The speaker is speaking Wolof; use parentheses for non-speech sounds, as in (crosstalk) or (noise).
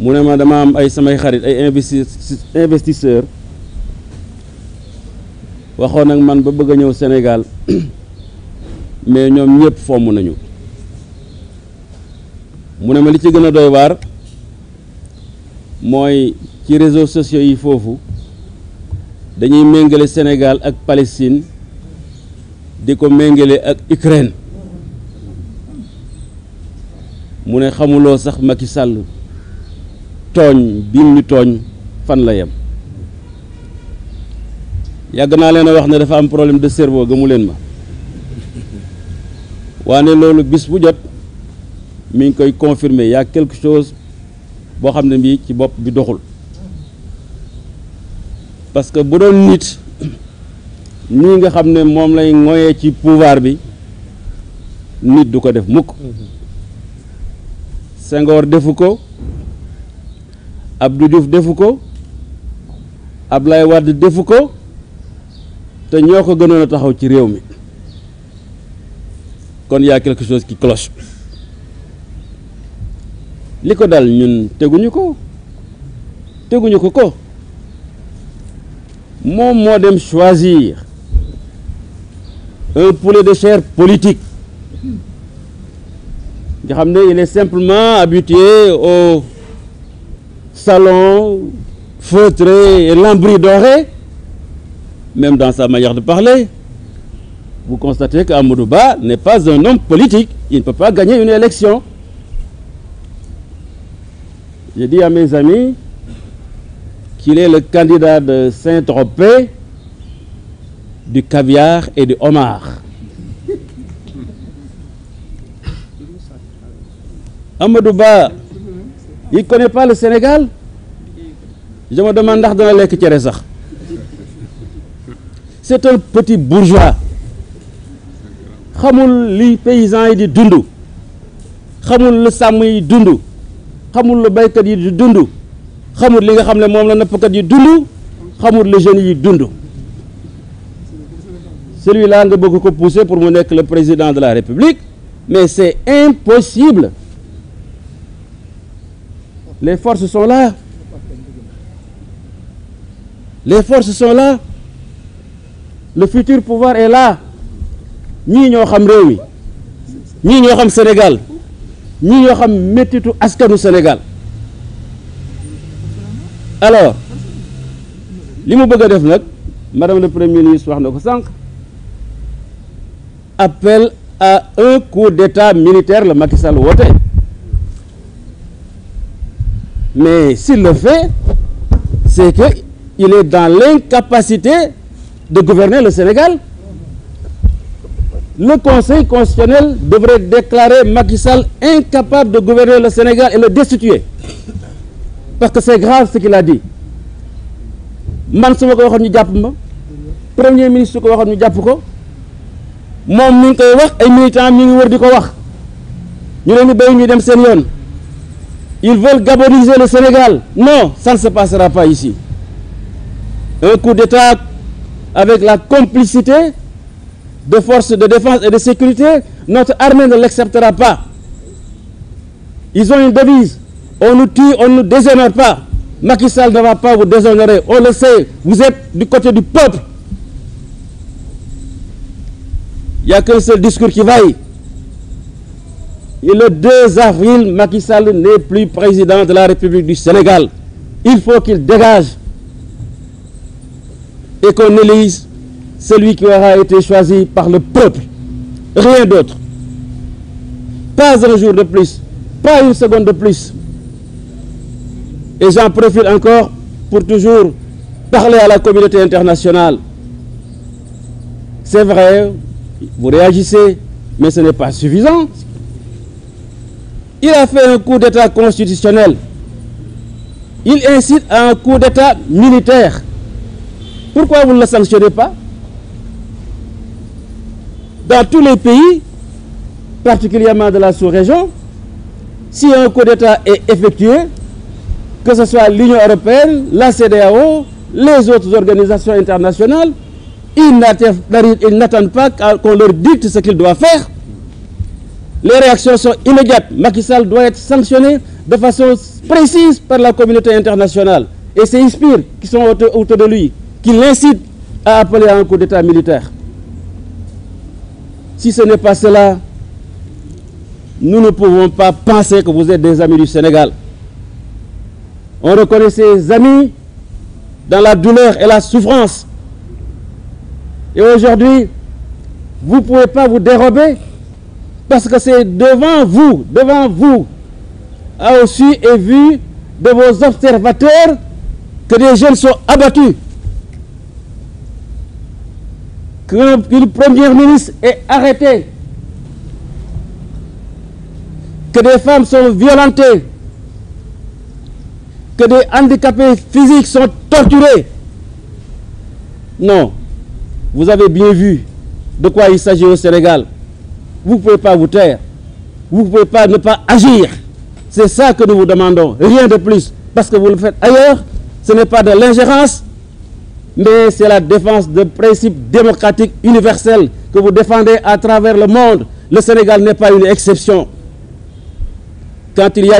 mu ne ma dama am ay samay xarit ay investi investisseur waxoon nag man ba bëgg a ñëw Sénégal (clears throat) mais ñoom ñëpp fomm nañu mu ne ma li ci gën a doy waar mooy ci réseaux sociaux yi foofu dañuy méngale Sénégal ak Palestine di ko méngale ak Ukraine mu ne xamuloo sax Macky sàll tooñ bii ñu tooñ fan la yem yàgg naa leen a wax ne dafa am problème de servo gëmu leen ma waane loolu bis bu jot mu ngi koy confirmer y a quelque chose boo xam ne mii ci bopp bi doxul parce que bu doon nit nii nga xam ne moom lay ngoyee ci pouvoir bi nit du ko def mukk mm-hmm. Senghor defu ko Abdou Diouf defu ko Abdoulaye Wade defu ko te ñoo ko gënoon a taxaw ci réew mi kon y quelque chose qui cloche li ko dal ñun teguñu ko teguñu ko ko moom moo dem choisir un poulet de chair politique nga xam ne il est simplement habitué salon feutré et lambris doré même dans sa manière de parler vous constatez qu'Amadou Ba n'est pas un homme politique il ne peut pas gagner une élection j'ai dit à mes amis qu'il est le candidat de Saint-Tropez du caviar et du homard il connaît pas le Sénégal je me ndax dana lekk cere sax c'est un petit bourgeois xamul li paysan yi di dundu xamul lu sàmm yi dund xamul lu baykat yi di dundu xamul li nga xam ne moom la nappkat yi dund xamul les jeunes yi dundu celui-là nga bëgg ko pousser pour mu nekk le président de la République mais c'est impossible les forces sont là les forces sont le futur pouvoir est la ñii ñoo xam réew mi ñii ñoo xam Sénégal ñii ñoo xam méttitu askanu Sénégal alors li mu bëgg a def nag madame le premier ministre wax na ko sànq appel à un coup d'état militaire la Macky Sall woote Mais s'il le fait, c'est qu'il est dans l'incapacité de gouverner le Sénégal. Le Conseil constitutionnel devrait déclarer Macky Sall incapable de gouverner la Sénégal et le destituer. Parce que c'est grave ce qu'il a dit. man su ko waxoon ñu jàpp ma premier ministre su ko waxoon ñu jàpp ko moom mi ngi koy wax ay militants mi ngi wër di ko wax ñu leen di béy ñu dem seen yoon. Ils veulent gaboniser le Sénégal. Non, ça ne se passera pas ici. Un coup d'État avec la complicité de forces de défense et de sécurité, notre armée ne l'acceptera pas. Ils ont une devise. On nous tue, on ne nous déshonore pas. Macky ne va pas vous déshonorer. On le sait, vous êtes du côté du peuple. Il n'y a qu'un seul discours qui vaille. Et le 2 avril, Macky Sall n'est plus président de la République du Sénégal. Il faut qu'il dégage et qu'on élise celui qui aura été choisi par le peuple. Rien d'autre. Pas un jour de plus, pas une seconde de plus. Et j'en profite encore pour toujours parler à la communauté internationale. C'est vrai, vous réagissez, mais ce n'est pas suffisant. Il a fait un coup d'État constitutionnel. Il incite à un coup d'État militaire. Pourquoi vous ne le sanctionnez pas? Dans tous les pays, particulièrement de la sous-région, si un coup d'État est effectué, que ce soit l'Union européenne, la CEDEAO, les autres organisations internationales, ils n'attendent pas qu'on leur dicte ce qu'ils doivent faire. Les réactions sont immédiates. Macky Sall être sanctionné de façon précise par la communauté internationale. Et c'est Ispire qui sont autour, de lui, qui l'incite à appeler à un coup d'État militaire. Si ce n'est pas cela, nous ne pouvons pas penser que vous êtes des amis du Sénégal. On reconnaît ses amis dans la douleur et la souffrance. Et aujourd'hui, vous ne pouvez pas vous dérober parce que c'est devant vous, devant vous, à aussi et vu de vos observateurs que des jeunes sont abattus, qu'une première ministre est arrêtée, que des femmes sont violentées, que des handicapés physiques sont torturés. Non, vous avez bien vu de quoi il s'agit au Sénégal. Vous ne pouvez pas vous taire. Vous ne pouvez pas ne agir. C'est ça que nous vous demandons, rien de plus. Parce que vous le faites ailleurs, ce n'est pas de l'ingérence, mais c'est la défense de principes démocratiques universels que vous défendez à travers le monde. Le Sénégal n'est pas une exception. Quand il y a